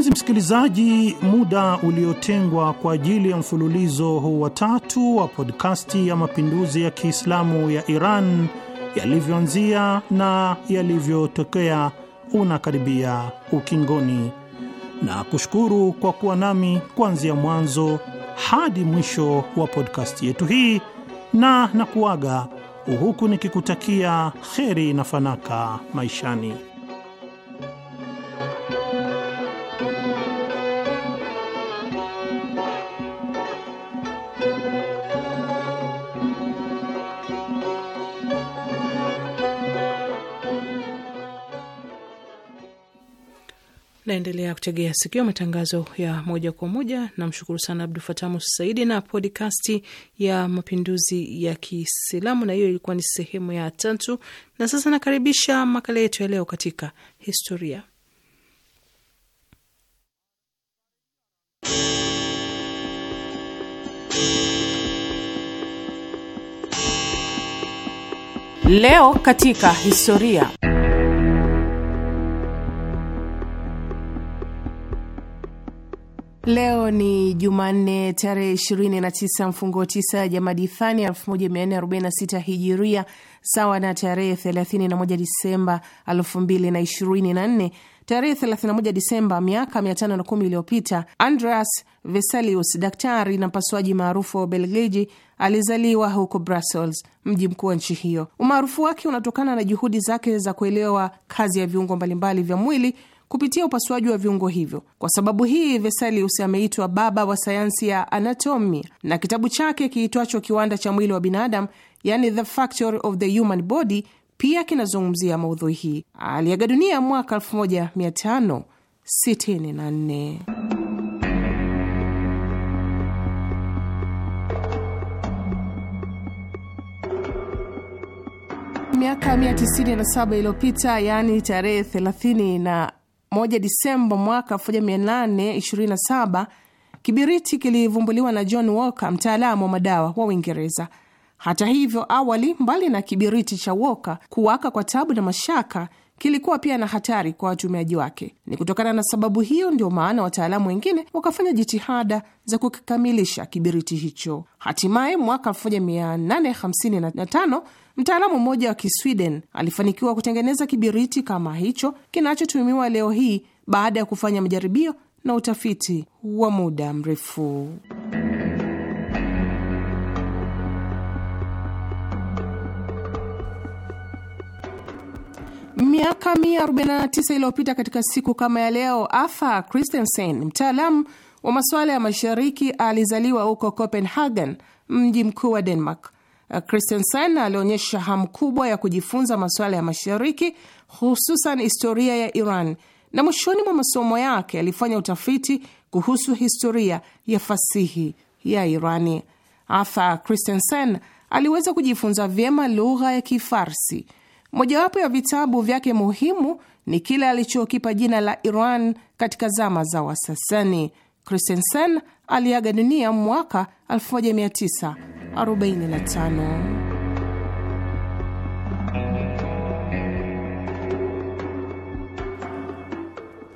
Mpenzi msikilizaji, muda uliotengwa kwa ajili ya mfululizo huu wa tatu wa podkasti ya mapinduzi ya Kiislamu ya Iran yalivyoanzia na yalivyotokea unakaribia ukingoni, na kushukuru kwa kuwa nami kuanzia mwanzo hadi mwisho wa podkasti yetu hii, na na kuaga huku nikikutakia kheri na fanaka maishani. Naendelea kutegea sikio matangazo ya moja kwa moja. Namshukuru sana Abdul fatamu Saidi na podkasti ya mapinduzi ya Kiislamu, na hiyo ilikuwa ni sehemu ya tatu. Na sasa nakaribisha makala yetu ya leo katika historia Leo katika historia Leo ni Jumanne tarehe 29 mfungo 9 Jamadi Thani 1446 Hijiria, sawa na tarehe 31 Disemba 2024. Tarehe 31 Disemba miaka 510 iliyopita, Andreas Vesalius, daktari na mpasuaji maarufu wa Ubelgiji, alizaliwa huko Brussels, mji mkuu wa nchi hiyo. Umaarufu wake unatokana na juhudi zake za kuelewa kazi ya viungo mbalimbali vya mwili kupitia upasuaji wa viungo hivyo. Kwa sababu hii, Vesalius ameitwa baba wa sayansi ya anatomia na kitabu chake kiitwacho Kiwanda cha Mwili wa Binadamu, yani The Factory of the Human Body, pia kinazungumzia maudhui hii. Aliaga dunia mwaka 1564. Miaka 197 iliyopita, yaani tarehe 1 Disemba mwaka 1827 kibiriti kilivumbuliwa na John Walker, mtaalamu wa madawa wa Uingereza. Hata hivyo, awali, mbali na kibiriti cha Walker kuwaka kwa tabu na mashaka, kilikuwa pia na hatari kwa watumiaji wake. Ni kutokana na sababu hiyo ndio maana wataalamu wengine wakafanya jitihada za kukikamilisha kibiriti hicho. Hatimaye mwaka 1855 mtaalamu mmoja wa Kisweden alifanikiwa kutengeneza kibiriti kama hicho kinachotumiwa leo hii baada ya kufanya majaribio na utafiti wa muda mrefu. Miaka 149 iliyopita katika siku kama ya leo, Arthur Christensen, mtaalamu wa masuala ya mashariki, alizaliwa huko Copenhagen, mji mkuu wa Denmark. Christensen alionyesha hamu kubwa ya kujifunza masuala ya mashariki, hususan historia ya Iran, na mwishoni mwa masomo yake alifanya utafiti kuhusu historia ya fasihi ya Irani. Arthur Christensen aliweza kujifunza vyema lugha ya Kifarsi Mojawapo ya vitabu vyake muhimu ni kile alichokipa jina la Iran katika zama za Wasasani. Christensen aliaga dunia mwaka 1945.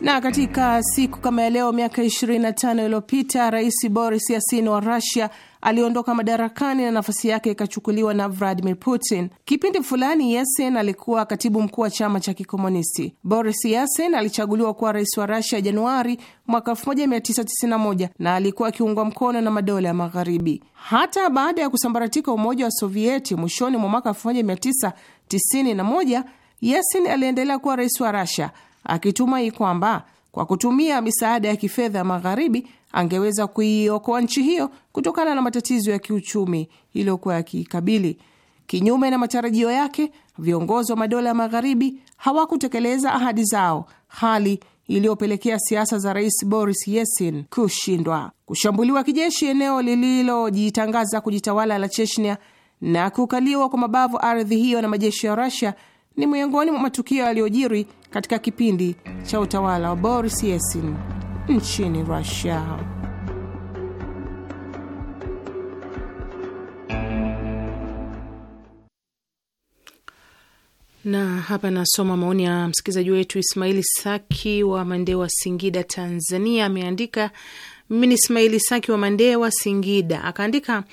Na katika siku kama ya leo miaka 25 iliyopita Rais Boris Yasin wa Russia aliondoka madarakani na nafasi yake ikachukuliwa na Vladimir Putin. Kipindi fulani yasen alikuwa katibu mkuu wa chama cha kikomunisti. Boris yasen alichaguliwa kuwa rais wa rusia Januari mwaka 1991 na alikuwa akiungwa mkono na madola ya Magharibi. Hata baada ya kusambaratika Umoja wa Sovieti mwishoni mwa mwaka 1991, Yasin aliendelea kuwa rais wa Russia akitumai kwamba kwa kutumia misaada ya kifedha ya magharibi angeweza kuiokoa nchi hiyo kutokana na matatizo ya kiuchumi iliyokuwa yakiikabili. Kinyume na matarajio yake, viongozi wa madola ya magharibi hawakutekeleza ahadi zao, hali iliyopelekea siasa za Rais Boris Yeltsin kushindwa, kushambuliwa kijeshi eneo lililojitangaza kujitawala la Chechnya na kukaliwa kwa mabavu ardhi hiyo na majeshi ya Russia ni miongoni mwa matukio yaliyojiri katika kipindi cha utawala wa Boris Yeltsin nchini Russia. Na hapa nasoma maoni ya msikilizaji wetu Ismaili Saki wa Mandewa, Singida, Tanzania. Ameandika, mimi ni Ismaili Saki wa Mandewa, Singida. Akaandika,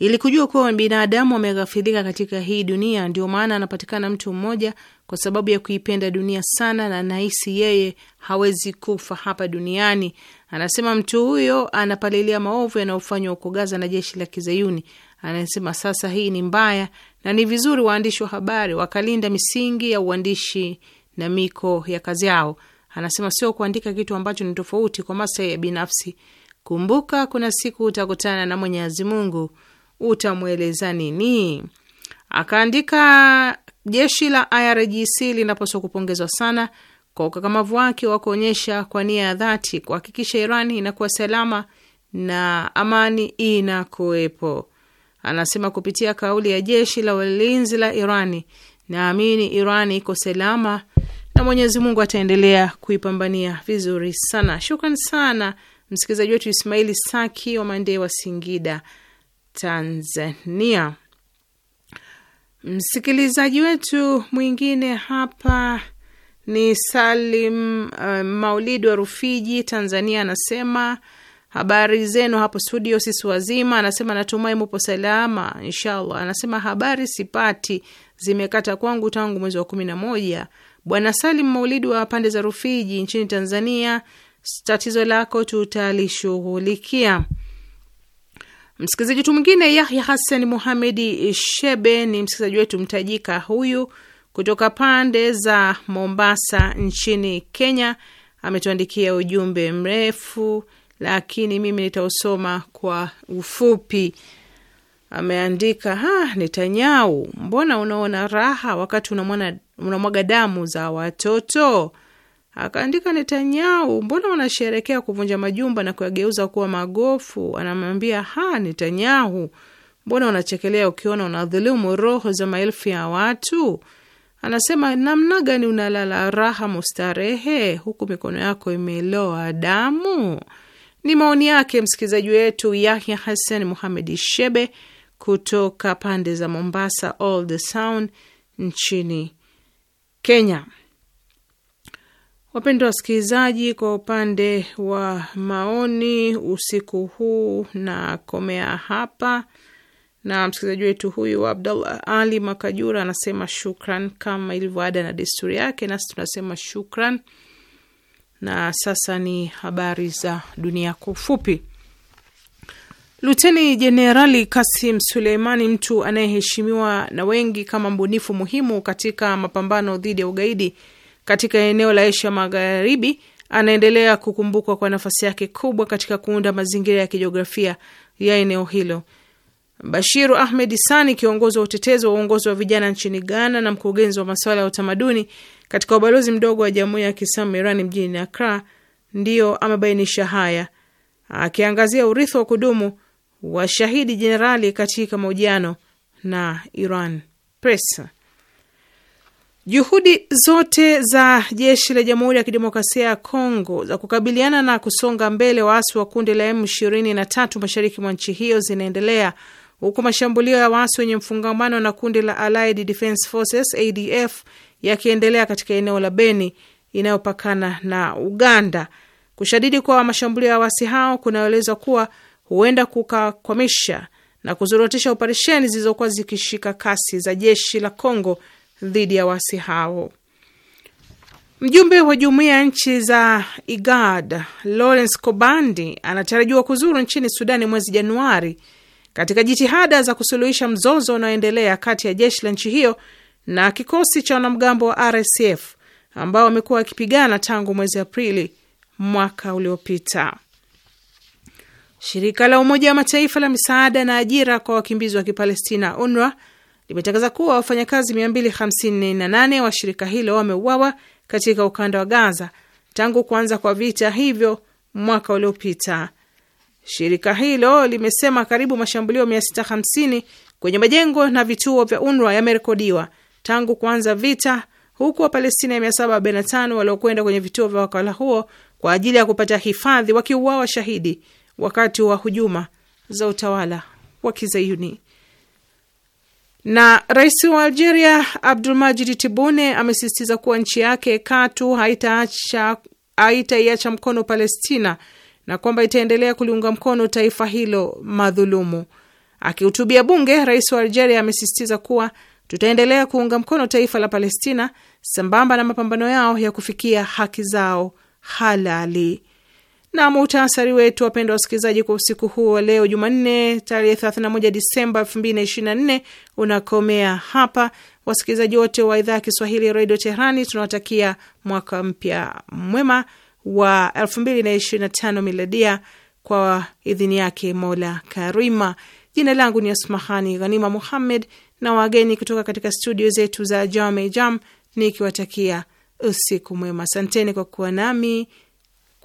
ili kujua kuwa binadamu wameghafilika katika hii dunia, ndio maana anapatikana mtu mmoja kwa sababu ya kuipenda dunia sana na anahisi yeye hawezi kufa hapa duniani. Anasema mtu huyo anapalilia maovu yanayofanywa huko Gaza na jeshi la Kizayuni. Anasema sasa hii ni mbaya na ni vizuri waandishi wa habari wakalinda misingi ya uandishi na miko ya kazi yao. Anasema sio kuandika kitu ambacho ni tofauti kwa maslahi ya binafsi. Kumbuka kuna siku utakutana na Mwenyezi Mungu utamweleza nini? Akaandika, jeshi la IRGC linapaswa kupongezwa sana kwa ukakamavu wake wa kuonyesha kwa nia ya dhati kuhakikisha Iran inakuwa salama na amani inakuwepo. Anasema kupitia kauli ya jeshi la walinzi la Irani, naamini iran iko salama na Mwenyezi Mungu ataendelea kuipambania vizuri sana. Shukran sana msikilizaji wetu Ismaili Saki wa Mandee wa Singida Tanzania. Msikilizaji wetu mwingine hapa ni Salim uh, Maulidi wa Rufiji, Tanzania, anasema habari zenu hapo studio, sisi wazima. Anasema natumai mupo salama, inshallah. Anasema habari sipati, zimekata kwangu tangu mwezi wa kumi na moja. Bwana Salim Maulidi wa pande za Rufiji nchini Tanzania, tatizo lako tutalishughulikia. Msikilizaji wetu mwingine Yahya Hassan Muhamedi Shebe ni msikilizaji wetu mtajika huyu kutoka pande za Mombasa nchini Kenya. Ametuandikia ujumbe mrefu, lakini mimi nitausoma kwa ufupi. Ameandika ha, Netanyahu, mbona unaona raha wakati unamwaga damu za watoto? Akaandika Netanyahu, mbona wanasherekea kuvunja majumba na kuyageuza kuwa magofu? Anamwambia ha, Netanyahu, mbona wanachekelea ukiona unadhulumu roho za maelfu ya watu? Anasema namna gani unalala raha mustarehe huku mikono yako imeloa damu? Ni maoni yake msikilizaji wetu Yahya Hassan Muhamedi Shebe kutoka pande za Mombasa, Old Sound nchini Kenya. Wapendwa wasikilizaji, kwa upande wa maoni usiku huu na komea hapa, na msikilizaji wetu huyu Abdallah Ali Makajura anasema shukran, kama ilivyo ada na desturi yake, nasi tunasema shukran. Na sasa ni habari za dunia kwa ufupi. Luteni Jenerali Kasim Suleimani, mtu anayeheshimiwa na wengi kama mbunifu muhimu katika mapambano dhidi ya ugaidi katika eneo la Asia Magharibi anaendelea kukumbukwa kwa nafasi yake kubwa katika kuunda mazingira ya kijiografia ya eneo hilo. Bashiru Ahmed Sani, kiongozi wa utetezi wa uongozi wa vijana nchini Ghana na mkurugenzi wa masuala ya utamaduni katika ubalozi mdogo wa Jamhuri ya Kiislamu Irani mjini Akra, ndiyo amebainisha haya akiangazia urithi wa kudumu wa shahidi jenerali katika mahojiano na Iran Press. Juhudi zote za jeshi la Jamhuri ya Kidemokrasia ya Kongo za kukabiliana na kusonga mbele waasi wa kundi la M23 mashariki mwa nchi hiyo zinaendelea huku mashambulio ya waasi wenye mfungamano na kundi la Allied Defense Forces ADF yakiendelea katika eneo la Beni inayopakana na Uganda. Kushadidi kwa mashambulio ya waasi hao kunaelezwa kuwa huenda kukakwamisha na kuzorotesha operesheni zilizokuwa zikishika kasi za jeshi la Kongo dhidi ya wasi hao. Mjumbe wa jumuiya ya nchi za IGAD Lawrence Kobandi anatarajiwa kuzuru nchini Sudani mwezi Januari katika jitihada za kusuluhisha mzozo unaoendelea kati ya jeshi la nchi hiyo na kikosi cha wanamgambo wa RSF ambao wamekuwa wakipigana tangu mwezi Aprili mwaka uliopita. Shirika la Umoja wa Mataifa la misaada na ajira kwa wakimbizi wa Kipalestina, UNRWA, limetangaza kuwa wafanyakazi 258 wa shirika hilo wameuawa katika ukanda wa Gaza tangu kuanza kwa vita hivyo mwaka uliopita. Shirika hilo limesema karibu mashambulio 650 kwenye majengo na vituo vya UNRWA yamerekodiwa tangu kuanza vita, huku Wapalestina 745 waliokwenda kwenye vituo vya wakala huo kwa ajili ya kupata hifadhi wakiuawa shahidi wakati wa hujuma za utawala wa Kizayuni. Na rais wa Algeria Abdulmajid Tibune amesisitiza kuwa nchi yake katu haitaacha haitaiacha mkono Palestina na kwamba itaendelea kuliunga mkono taifa hilo madhulumu. Akihutubia bunge, rais wa Algeria amesisitiza kuwa tutaendelea kuunga mkono taifa la Palestina sambamba na mapambano yao ya kufikia haki zao halali na muhtasari wetu, wapendwa wasikilizaji, kwa usiku huu wa leo Jumanne tarehe 31 Disemba 2024 unakomea hapa. Wasikilizaji wote wa idhaa ya Kiswahili redio Teherani tunawatakia mwaka mpya mwema wa 2025 miladia kwa idhini yake Mola Karima. Jina langu ni Asmahani Ghanima Muhammed na wageni kutoka katika studio zetu za Jame Jam, nikiwatakia usiku mwema. Asanteni kwa kuwa nami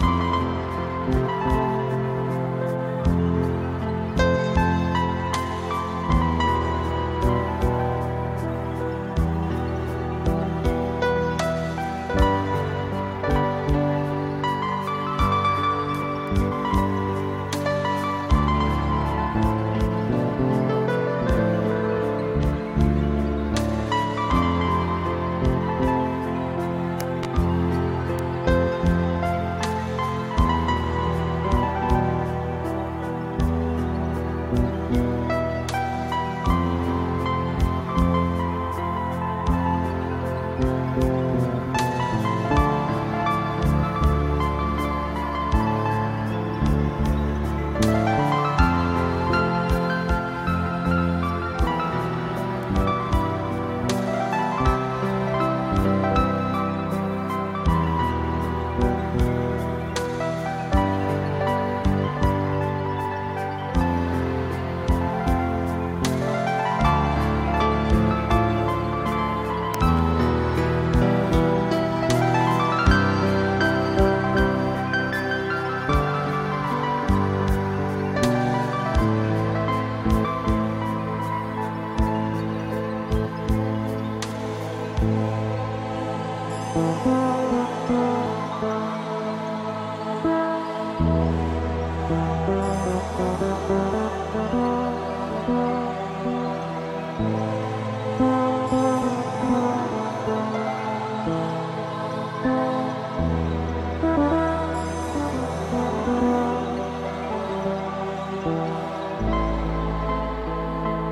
you